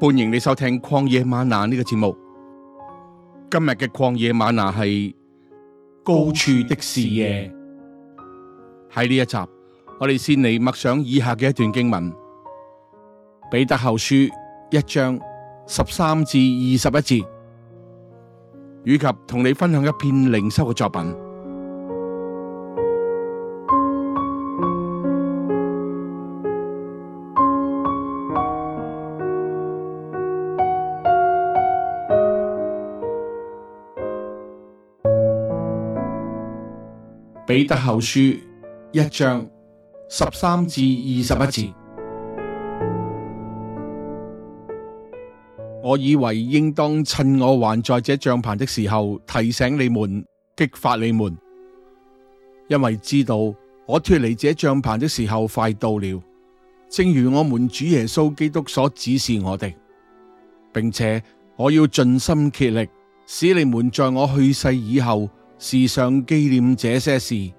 歡迎你收聽曠野嗎哪呢個節目。今日嘅曠野嗎哪係高處的視野。喺呢一集，我哋先嚟默想以下嘅一段經文：彼得後書一章十三至二十一節，以及同你分享一篇靈修嘅作品。彼得後書一章十三至二十一節，我以為應當趁我還在這帳棚的時候，提醒你們、激發你們，因為知道我脱離這帳棚的時候快到了，正如我們主耶穌基督所指示我的，並且我要盡心竭力，使你們在我去世以後。時常紀念這些事。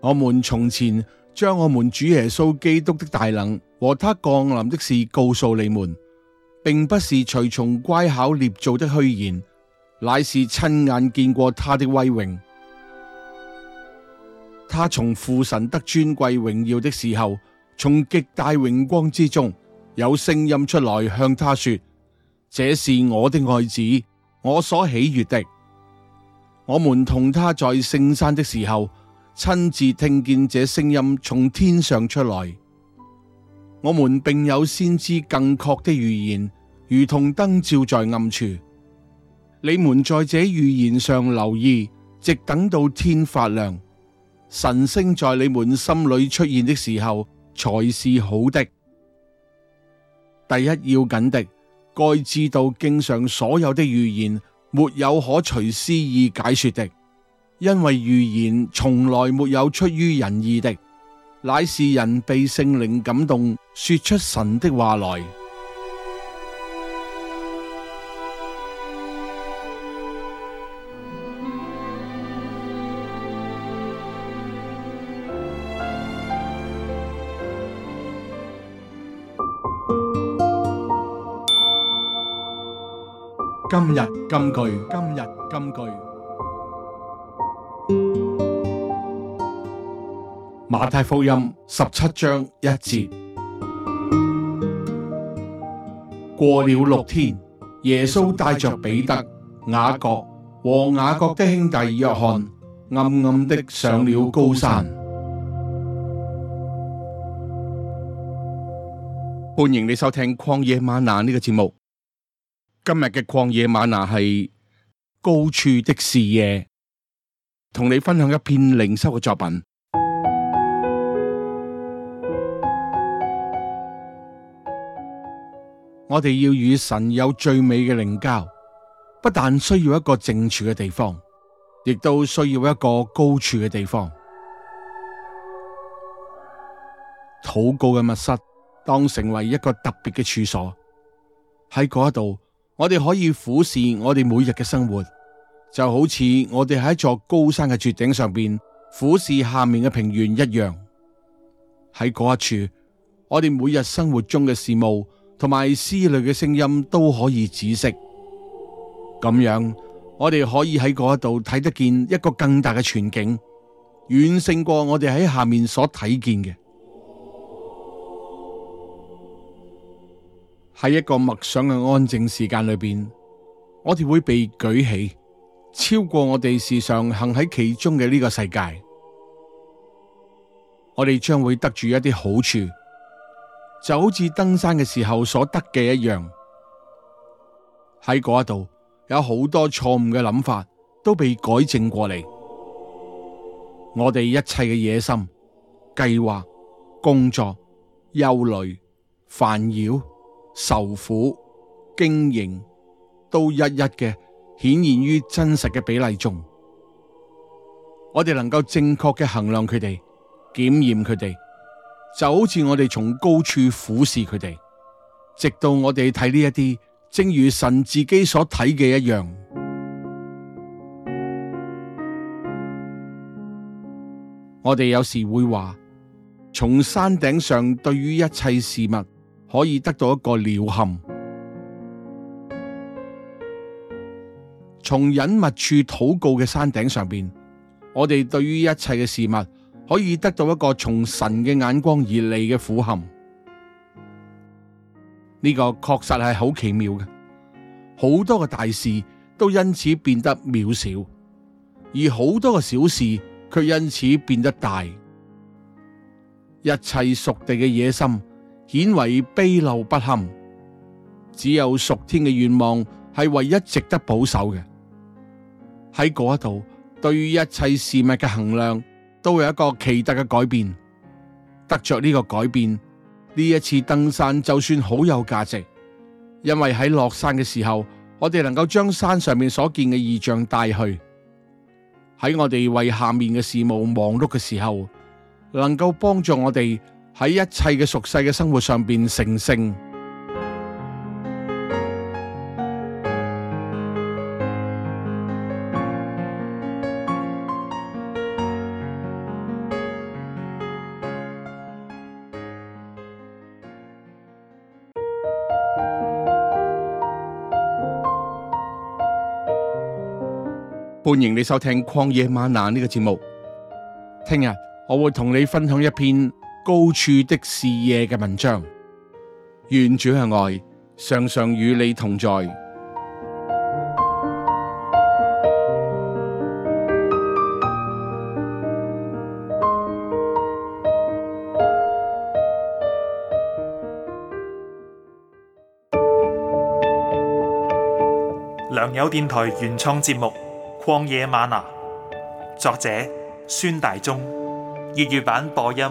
我們從前將我們主耶穌基督的大能和他降臨的事告訴你們，並不是隨從乖巧捏造的虛言，乃是親眼見過他的威榮。他從父神得尊貴榮耀的時候，從極大榮光之中，有聲音出來向他說：這是我的愛子，我所喜悦的。我們同他在聖山的時候，親自聽見這聲音從天上出來。我們並有先知更確的預言，如同燈照在暗處。你們在這預言上留意，直等到天發亮，晨星在你們心裏出現的時候，才是好的。第一要緊的，該知道經上所有的預言。沒有可隨私意解說的，因為預言從來沒有出於人意的，乃是人被聖靈感動，說出神的話來。今日金句，今日金句。馬太福音十七章一節。過了六天，耶穌帶着彼得、雅各和雅各的兄弟約翰，暗暗的上了高山。歡迎你收聽曠野嗎哪呢個節目。今日嘅曠野嗎哪係高處的視野，同你分享一篇靈修嘅作品。 我哋要與神有最美嘅靈交，不但需要一個靜處嘅地方，亦都需要一個高處嘅地方。禱告嘅密室當成為一個特別嘅處所，喺嗰一度，我哋可以俯視我哋每日嘅生活，就好似我哋喺一座高山嘅絕頂上面俯視下面嘅平原一樣。喺嗰一處，我哋每日生活中嘅事物同埋思慮嘅聲音都可以止息。咁樣，我哋可以喺嗰一度睇得見一個更大嘅全景，遠勝過我哋喺下面所睇見嘅。喺一個默想嘅安靜時間裏邊，我哋會被舉起，超過我哋時常行喺其中嘅呢個世界。我哋將會得住一啲好處，就好似登山嘅時候所得嘅一樣。喺嗰度，有好多錯誤嘅諗法都被改正過嚟，我哋一切嘅野心、計劃、工作、憂慮、煩擾。受苦、經營都一一嘅顯現於真實嘅比例中，我哋能夠正確嘅衡量佢哋、檢驗佢哋，就好似我哋從高處俯視佢哋，直到我哋睇呢一啲，正如神自己所睇嘅一樣。我哋有時會話，從山頂上對於一切事物。可以得到一個鳥瞰，從隱密處禱告嘅山頂上邊，我哋對於一切嘅事物可以得到一個從神嘅眼光而嚟嘅俯瞰。呢個確實係好奇妙嘅，好多嘅大事都因此變得渺小，而好多個小事卻因此變得大。一切屬地嘅野心。顯為卑陋不堪，只有屬天嘅願望係唯一值得保守嘅。喺嗰一度，對於一切事物嘅衡量，都有一個奇特嘅改變。得着呢個改變，呢一次登山就算好有價值，因為喺落山嘅時候，我哋能夠將山上面所見嘅異象帶去。喺我哋為下面嘅事務忙碌嘅時候，能夠幫助我哋。喺一切嘅俗世嘅生活上面成聖。歡迎你收聽曠野嗎哪呢、這個節目。聽日我會同你分享一篇。高處的視野嘅文章，願主向外，常常與你同在。良友電台原創節目《曠野嗎哪》，作者孫大中，粵語版播音。